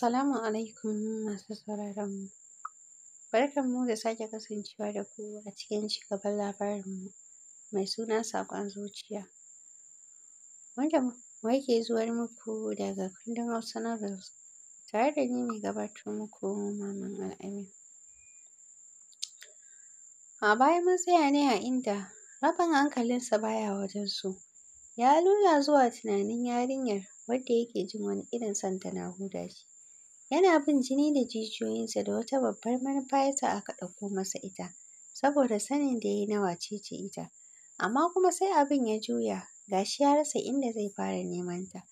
Salamu alaikum masu sauraron mu. Barkan mu da sake kasancewa da ku a cikin cigaban labarin mu mai suna saƙon zuciya. Wanda yake zuwar muku daga kundin Hausa Novels tare da ni mai gabatar muku Maman Al'amin. A baya mun tsaya ne a inda rabin hankalinsa baya wajen su. Ya lula zuwa tunanin yarinyar wadda yake jin wani irin son na huda shi. Yana bin jini da jijiyoyinsa da wata babbar manufa ya sa aka ɗauko masa ita, saboda sanin da ya yi na wace ce ita. Amma kuma sai abin ya juya, ga shi ya rasa inda zai fara nemanta.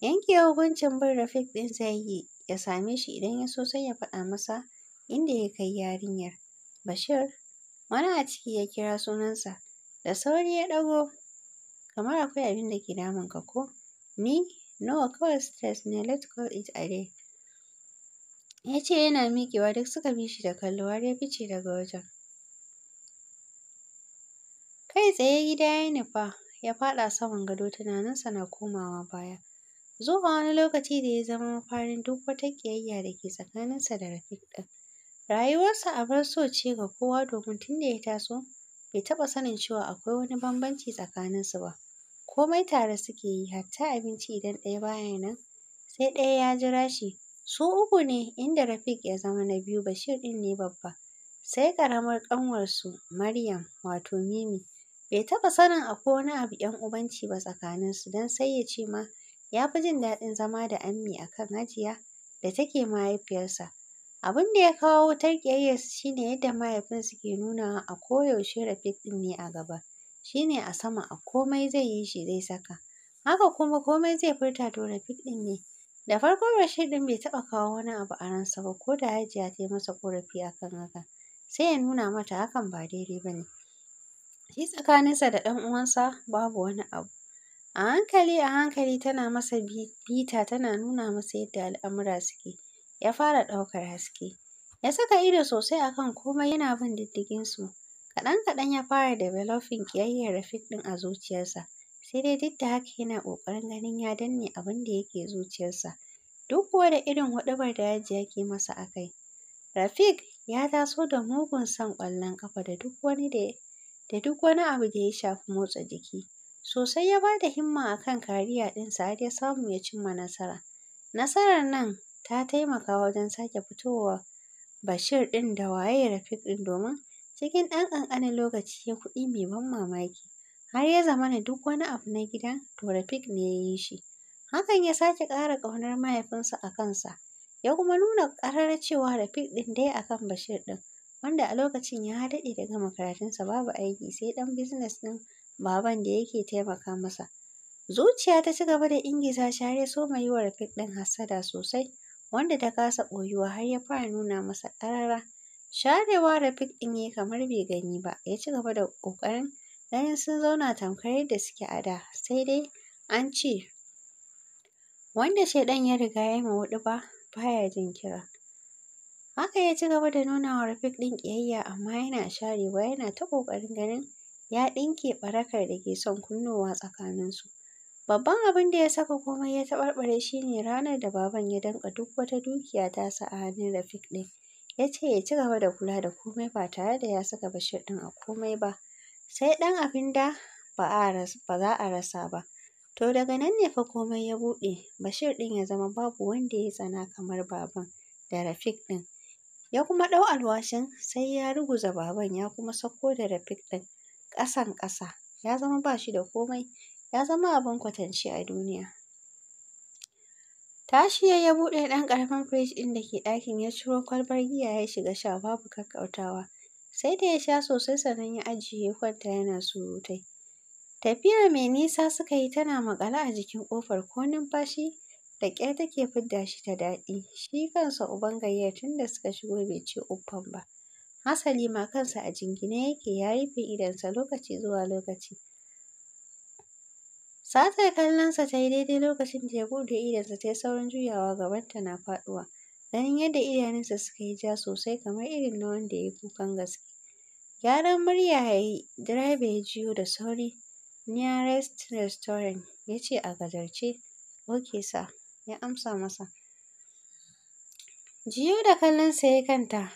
Yanke hukuncin bin Rafiq ɗin zai yi, ya same shi idan ya so sai ya faɗa masa inda ya kai yarinyar. Bashir, wani a ciki ya kira sunansa, da sauri ya ɗago. Kamar akwai abin da ke ka, ko? Ni? Nawa kawai stress ne, let's call it a day. ya ce yana miƙewa duk suka bi shi da kallo har ya fice daga wajen. Kai tsaye gida ya nufa ya faɗa saman gado tunaninsa na komawa baya. Zuwa wani lokaci da ya zama mafarin duk wata ƙiyayya da ke tsakaninsa da Rafiq ɗin. Rayuwarsa a bar so ce ga kowa domin tun da ya taso bai taɓa sanin cewa akwai wani bambanci tsakaninsu ba. Komai tare suke yi hatta abinci idan ɗaya baya nan sai ɗaya ya jira shi Su uku ne inda Rafiq ya zama na biyu Bashir ɗin ne babba, sai ƙaramar ƙanwarsu Maryam wato Mimi. Bai taɓa sanin akwai wani abu 'yan ubanci ba tsakaninsu don sai ya ce ma ya fi jin daɗin zama da Ammi a kan Hajiya da take mahaifiyarsa. Abin da ya kawo wutar ƙiyayyarsu shine ne yadda mahaifinsu ke nuna a koyaushe Rafiq ɗin ne a gaba, shine a sama a komai zai yi shi zai saka, haka kuma komai zai furta to Rafiq ɗin ne. Da farko Rashid ɗin bai taɓa kawo wani abu a ransa ba ko da Hajiya ta yi masa ƙorafi akan kan haka. Sai ya nuna mata hakan ba daidai ba ne. Shi tsakaninsa da ɗan uwansa babu wani abu. A hankali a hankali tana masa bita tana nuna masa yadda al'amura suke. Ya fara ɗaukar haske. Ya saka ido sosai akan komai yana bin diddigin su Kaɗan-kaɗan ya fara developing ƙiyayyar Rafiq ɗin a zuciyarsa. Sai dai duk da haka yana ƙoƙarin ganin ya danne abin da yake zuciyarsa. duk kuwa irin huɗubar da ya ke masa a kai. Rafiq ya taso da mugun son ƙwallon ƙafa da duk wani da da duk wani abu da ya shafi motsa jiki. Sosai ya ba da himma a kan kariya ɗinsa har ya samu ya cimma nasara. Nasarar nan ta taimaka wajen sake fitowa Bashir ɗin da waye Rafiq ɗin domin cikin ɗan ƙanƙanin lokaci ya kuɗi mai ban mamaki. Har ya zamana duk wani abu na gidan to Rafiq ne ya yi shi. Hakan ya sake ƙara ƙaunar mahaifinsa a kansa, ya kuma nuna ƙarar cewa da fik ɗin dai akan Bashir ɗin, wanda a lokacin ya daɗe daga gama babu aiki sai ɗan bizines ɗin baban da yake taimaka masa. Zuciya ta ci gaba da ingiza share har mai soma yi wa Rafiq ɗin hassada sosai, wanda ta kasa ɓoyuwa har ya fara nuna masa ƙarara. Sharewa Rafiq ɗin ya kamar bai gani ba, ya ci gaba da ƙoƙarin ganin sun zauna tamkar yadda suke a da, sai dai an ce wanda ɗan ya riga ya yi ma ba baya jin kira. Haka ya ci gaba da nuna wa Rafiq ɗin kiyayya, amma yana sharewa yana ta ƙoƙarin ganin ya ɗinke ɓarakar da ke son kunnowa su Babban abin da ya saka komai ya taɓarɓare shi ne ranar da baban ya danka duk wata dukiya ta sa a hannun Rafiq ɗin. Ya ce ya ci gaba da kula da komai ba tare da ya saka Bashir ɗin a komai ba, sai ɗan abin da ba za a rasa ba. To daga nan ne fa komai ya buɗe, Bashir ɗin ya zama babu wanda ya tsana kamar baban da rafik ɗin. Ya kuma ɗau alwashin sai ya ruguza baban ya kuma sauko da rafik ɗin ƙasan ƙasa, ya zama ba shi da komai, ya zama abin kwatance a duniya. Tashi ya ya buɗe ɗan ƙaramin firij ɗin da ke ɗakin ya ciro kwalbar giya ya shiga sha babu ƙaƙƙautawa. Sai da ya sha sosai sannan ya ajiye ya kwanta yana surutai. Tafiya mai nisa suka yi tana maƙale a jikin ƙofar ko numfashi da ƙyar take fidda shi ta daɗi, shi kansa uban gayyar tun suka shigo bai ce uffam ba, hasali ma kansa a jingine yake ya rufe idonsa lokaci zuwa lokaci. Satar kallonsa ta yi daidai lokacin da ya buɗe idonsa ta yi saurin juyawa gabanta na faɗuwa, ganin yadda idanunsa suka yi ja sosai kamar irin na wanda ya yi kukan gaske. Gyaran murya ya yi, direba ya jiyo da sauri nearest restaurant? Ya ce a gajarce. Ok sir, ya amsa masa. Jiyo da kallonsa ya kanta.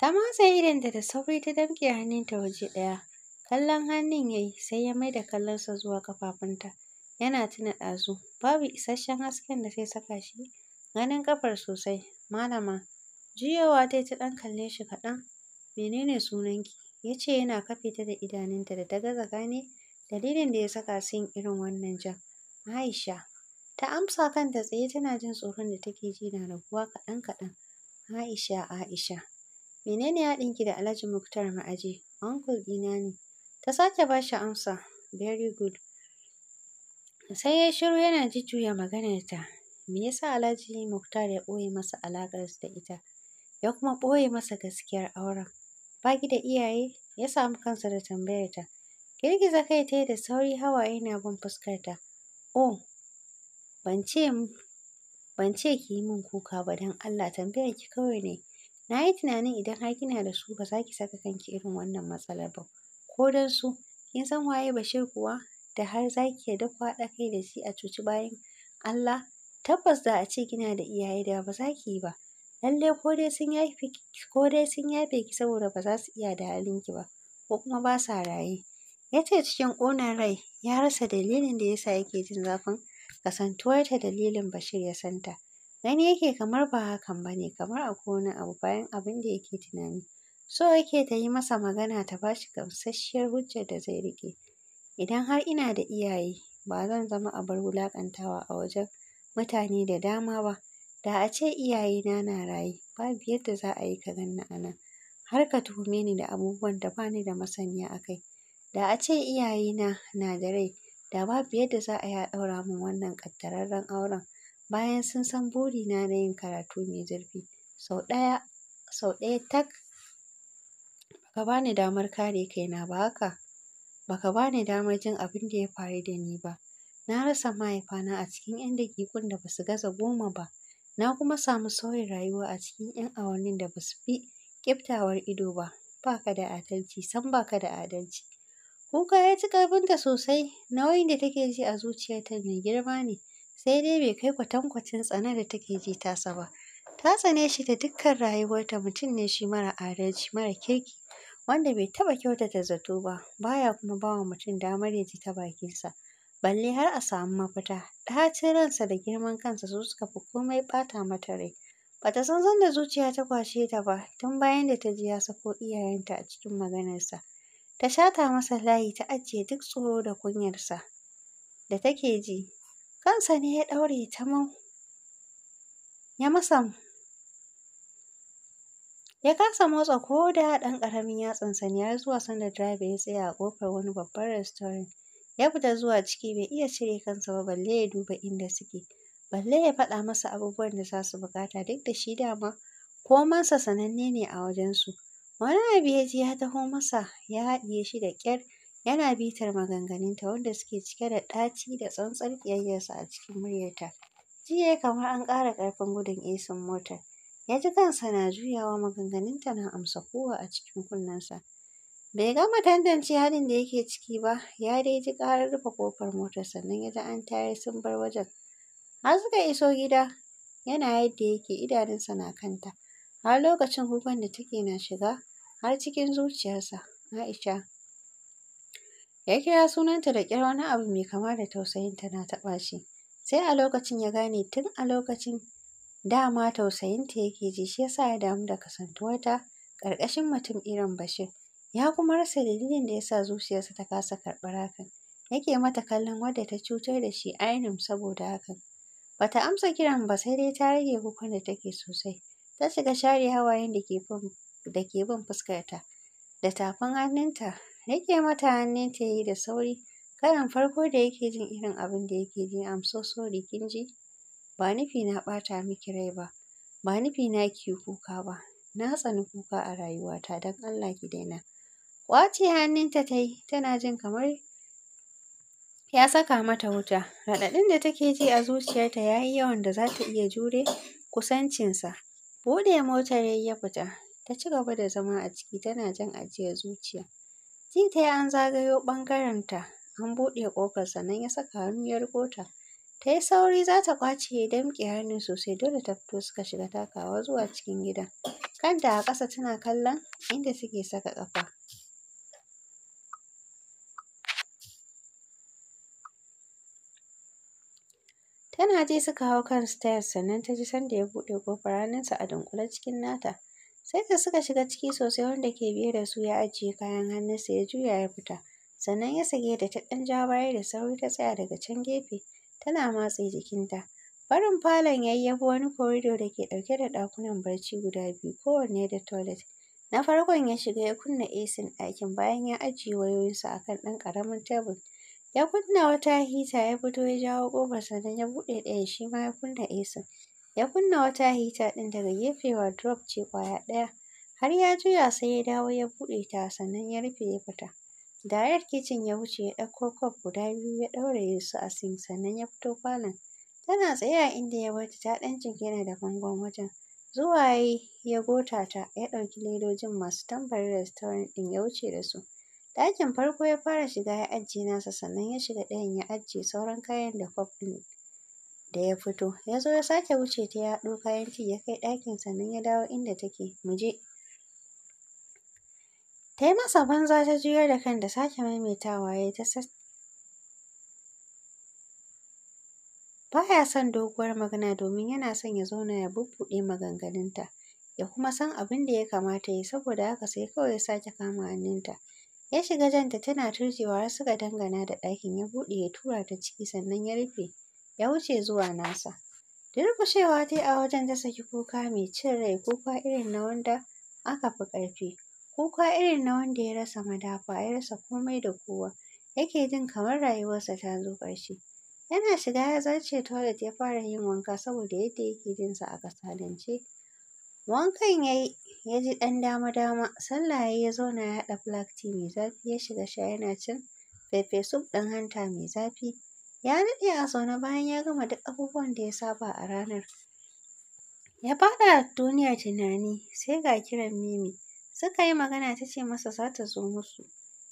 Ta matsa idanta da sauri ta hannun hannunta waje ɗaya. Kallon hannun ya yi sai ya maida kallonsa zuwa ƙafafunta. Yana tuna ɗazu. Babu isasshen hasken da sai saka shi ganin kafar sosai. Malama, jiyowa ta ta ɗan kalle shi kaɗan. Menene sunanki? Ya ce yana kafe ta da idanunta da ta gaza gane dalilin da ya saka su yin irin wannan jan. Aisha ta amsa kanta tsaye tana jin tsoron da take ji na raguwa kaɗan kaɗan. Aisha Aisha menene haɗin ki da Alhaji Muktar Ma'aji uncle ɗina ne. Ta sake ba shi amsa very good. Sai ya shiru yana jujjuya ta Me yasa Alhaji Muktar ya ɓoye masa alaƙarsa da ita ya kuma ɓoye masa gaskiyar auren. Ba ki da iyaye ya samu kansa da tambayarta. Girgiza kai ta da sauri hawaye na bin fuskarta. Oh, ban ce ki yi min kuka ba don Allah tambayar ki kawai ne. Na yi tunanin idan har kina da su ba za ki saka kanki irin wannan matsalar ba. Ko don su, kin san waye Bashir kuwa da har za ki yarda ku kai da shi a cuci bayan Allah? Tabbas da a ce kina da iyaye da ba za ki yi ba. Lallai ko dai sun yafe ki saboda ba za su iya da halinki ba, ko kuma ba sa raye. Ya ce cikin ƙonar rai ya rasa dalilin da ya sa yake jin zafin kasantuwarta dalilin Bashir ya santa. Gani yake kamar ba hakan ba ne, kamar a wani abu bayan abin da yake tunani. So yake ta yi masa magana ta ba shi gamsasshiyar hujjar da zai rike Idan har ina da iyaye, ba zan zama a bar wulaƙantawa a wajen mutane da dama ba. Da a ce iyayena na raye, babu yadda za a yi ka ganni a nan, har ka tuhume ni da abubuwan da ba ni da masaniya a kai. Da a ce iyayena na da rai, da babu yadda za a yi ɗaura min wannan ƙaddararren auren, bayan sun san burina na yin karatu mai zurfi. Sau ɗaya, sau ɗaya tak Baka ka ba damar kare kaina ba haka, baka ka ba damar jin abin da ya faru da ni ba. Na rasa mahaifana a cikin 'yan daƙiƙun da basu gaza goma ba, na kuma samu sauyin rayuwa a cikin 'yan awannin da basu su fi ƙyiftawar ido ba. baka da adalci, sam baka da adalci. Kuka ya ci ƙarfinta sosai, nauyin da take ji a zuciyarta mai girma ne, sai dai bai kai kwatankwacin tsanar da take ji tasa ba. Ta tsane shi da dukkan rayuwarta mutum ne shi mara adalci, mara kirki, wanda bai taɓa kyautata zato ba, baya kuma bawa mutum damar ya ji ta bakinsa. Balle har a samu mafita, ɗacin ransa da girman kansa su suka fi komai ɓata mata rai. Ba ta san sanda zuciya ta kwashe ta ba, tun bayan da ta ji ya sako iyayenta a cikin maganarsa. ta shata masa layi ta ajiye duk tsoro da kunyarsa da take ji kansa ne ya ɗaure ta mau ya masa ya kasa motsa ko da ɗan ƙaramin yatsan ne har zuwa sanda direba ya tsaya a ƙofar wani babban restaurant ya fita zuwa ciki bai iya cire kansa ba balle ya duba inda suke balle ya faɗa masa abubuwan da za su buƙata duk da shi dama komansa sananne ne a wajensu Wani abu ya ji ya taho masa ya haɗiye shi da ƙyar, yana bitar maganganunta wanda suke cike da ɗaci da tsantsar ƙiyayyarsa a cikin muryarta. Jiya ya kamar an ƙara ƙarfin gudun esin motar. Ya ji kansa na juyawa maganganunta na amsa kowa a cikin kunnensa. Bai gama tantance halin da yake ciki ba, ya dai ji ƙarar rufe ƙofar motar sannan ya ji an tayar sun bar wajen. Har suka iso gida, yana yadda yake idanunsa na kanta. Har lokacin kukan da take na shiga, har cikin zuciyarsa Aisha ya kira sunanta da kyar wani abu mai kama da tausayinta na taɓa shi sai a lokacin ya gane tun a lokacin dama tausayinta yake ji shi yasa ya damu da kasantuwarta ƙarƙashin mutum irin Bashir ya kuma rasa dalilin da ya sa zuciyarsa ta kasa karɓar hakan yake mata kallon wadda ta cutar da shi ainihin saboda hakan bata amsa kiran ba sai dai ta rage kukan da take sosai ta shiga share hawayen da ke bin da ke bin fuskarta. Da tafin hannunta, riƙe mata hannun ta yi da sauri. karan farko da yake jin irin abin da yake ji, I'm so sorry, kin ji? Ba nufi na ɓata miki rai ba, ba nufi na ki kuka ba. Na tsani kuka a rayuwata, don Allah ki daina. Ƙwace hannunta ta yi, tana jin kamar ya saka mata wuta. Raɗaɗin da take ji a zuciyarta ya yi yawan da za ta iya jure kusancinsa. Buɗe motar ya yi ya fita. ta ci gaba da zama a ciki tana jan ajiyar zuciya. Ji ta yi an zagayo ɓangarenta, an buɗe ƙofar sannan ya saka hannu ya riƙo ta. Ta yi sauri za ta ƙwace ya damƙe hannun sosai dole ta fito suka shiga takawa zuwa cikin gidan. Kanta a ƙasa tana kallon inda suke saka ƙafa. Tana ji suka hau kan stairs sannan ta ji sanda ya buɗe ƙofar hannunsa a dunƙule cikin nata. Sai da suka shiga ciki sosai wanda ke biye da su ya ajiye kayan hannunsa ya juya ya fita. Sannan ya sake da ta ɗan ja baya da sauri ta tsaya daga can gefe tana matse jikinta. Barin falon ya yi ya bi wani korido da ke ɗauke da ɗakunan barci guda biyu kowanne da toilet. Na farkon ya shiga ya kunna esin ɗakin bayan ya ajiye wayoyinsa a kan ɗan ƙaramin tebur. Ya kunna wata hita ya fito ya jawo ƙofar sannan ya buɗe ɗaya, shi ma ya kunna esin. Ya kunna wata hita ɗin daga gefe wardrobe ce kwaya ɗaya. Har ya juya sai ya dawo ya buɗe ta sannan ya rufe ya fita. dayar kicin ya wuce ya ɗauko kwaf guda biyu ya ɗaure su a sink sannan ya fito kwana. Tana tsaye a inda ya bar ta ta ɗan jingina da bangon wajen. Zuwa ya yi ya gota ta ya ɗauki ledojin masu tambarin restaurant ɗin ya wuce da su. Ɗakin farko ya fara shiga ya ajiye nasa sannan ya shiga ɗayan ya ajiye sauran kayan da kwaf ɗin da ya fito ya zo ya sake wuce ta ya haɗo kayan ci ya kai ɗakin sannan ya dawo inda take mu je ta yi masa banza ta juyar da kan da sake maimaitawa ya ta Ba ya son doguwar magana domin yana son ya zauna ya bubbuɗe maganganunta ya kuma san abin da ya kamata ya saboda haka sai kawai ya sake kama hannunta ya shiga janta tana turjewa har suka dangana da ɗakin ya buɗe ya tura ta ciki sannan ya rufe ya wuce zuwa nasa. Durƙushewa yi a wajen ta saki kuka mai cin rai, kuka irin na wanda aka fi ƙarfi, kuka irin na wanda ya rasa madafa, ya rasa komai da kowa, yake jin kamar rayuwarsa ta zo ƙarshe. Yana shiga ya zarce toilet ya fara yin wanka saboda yadda yake jin sa a kasalance. Wankan ya yi, ya ji ɗan dama-dama, sallah ya yi ya zauna ya haɗa black tea mai zafi ya shiga sha yana cin pepper ɗin hanta mai zafi. Ya daɗe a zaune bayan ya gama duk abubuwan da ya saba a ranar. Ya faɗa duniya tunani sai ga kiran Mimi. Suka yi magana ta ce masa za ta zo musu.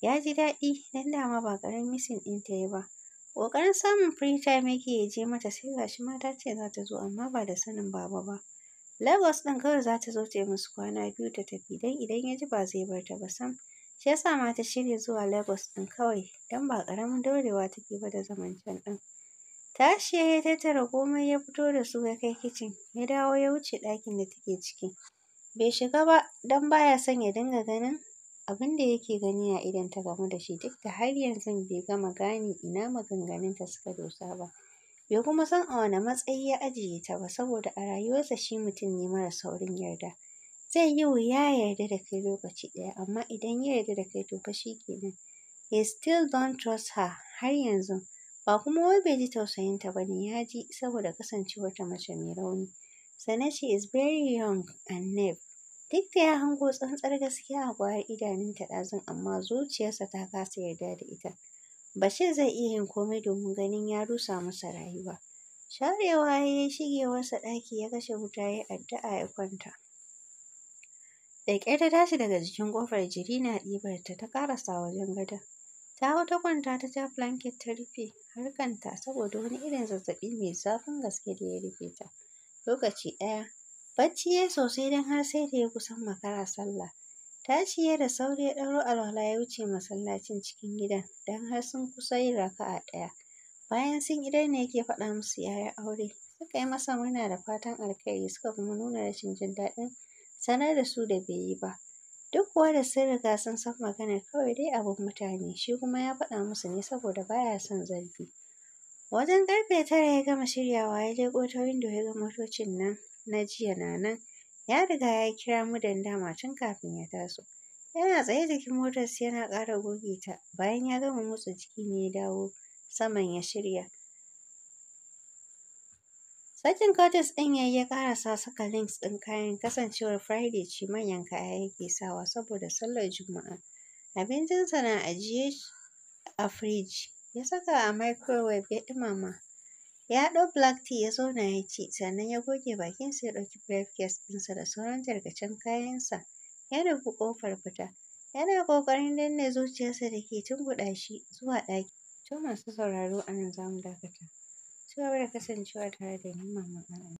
Ya ji daɗi don dama ba ƙaramin misin ɗin ta yi ba. Ƙoƙarin samun free time yake ya je mata sai ga shi mata ce za ta zo amma ba da sanin baba ba. Lagos ɗin kawai za ta zo ta yi musu kwana biyu ta tafi don idan ya ji ba zai bar ta ba sam. Shi yasa ma ta shirya zuwa Lagos ɗin kawai don ba ƙaramin daurewa take ba da zaman can ɗin. Tashi ya yi tattara komai ya fito da su ya kai kicin, ya dawo ya wuce ɗakin da take ciki. Bai shiga ba don ba ya son ya dinga ganin abin da yake gani a idon ta game da shi duk da har yanzu bai gama gane ina maganganunta suka dosa ba. Bai kuma san a wane matsayi ya ajiye ta ba saboda a rayuwarsa shi mutum ne mara saurin yarda. zai yi wuya ya yarda da kai lokaci ɗaya amma idan ya yarda da kai to fa shi kenan he still don't trust her har yanzu ba kuma wai bai ji tausayinta ba ne ya ji saboda kasancewar ta mace mai rauni Sana she is very young and naive duk da ya hango tsantsar gaskiya a kwayar idanunta ɗazun amma zuciyarsa ta kasa yarda da ita Bashir zai iya yin komai domin ganin ya rusa masa rayuwa. Sharewa ya yi shigewarsa ɗaki ya kashe wuta ya addu'a ya kwanta. Da ƙyar ta tashi daga jikin ƙofar jiri na ɗibar ta ta ƙarasa wajen gada. Ta hau ta kwanta ta ja blanket ta rufe harkanta saboda wani irin zazzaɓi mai zafin gaske da ya rufe ta. Lokaci ɗaya bacci ya sosai don har sai da ya kusan makara sallah. Ta ciye da sauri ya ɗauro alwala ya wuce masallacin cikin gidan don har sun kusa yin a ɗaya. Bayan sun gidan ne yake faɗa musu yaya aure. Suka yi masa murna da fatan alkhairi suka kuma nuna rashin jin daɗin sanar da su da bai yi ba. Duk kuwa da sun riga sun san magana kawai dai abin mutane shi kuma ya faɗa musu ne saboda baya son zargi. Wajen ƙarfe tara ya gama shiryawa ya je ta windo ya ga motocin nan na jiya na nan. Ya riga ya kira mu da dama tun kafin ya taso. Yana tsaye jikin motarsa yana ƙara goge ta bayan ya gama motsa jiki ne ya dawo saman ya shirya. Sakin Curtis ɗin yi ya sa saka links ɗin kayan kasancewar Friday ce manyan kaya yake sawa saboda sallar Juma'a. Abincinsa na ajiye a fridge ya saka a microwave ya ɗumama. Ya ɗau black tea ya zauna ya ci, sannan ya goge bakinsa ya ɗauki briefcase ɗinsa da sauran tarkacen kayansa ya nufi ƙofar fita. Yana ƙoƙarin danne zuciyarsa da ke tunkuɗa shi zuwa ɗaki. To masu sauraro a nan za mu dakata. ci gaba kasancewa tare da ni Maman Al'amin.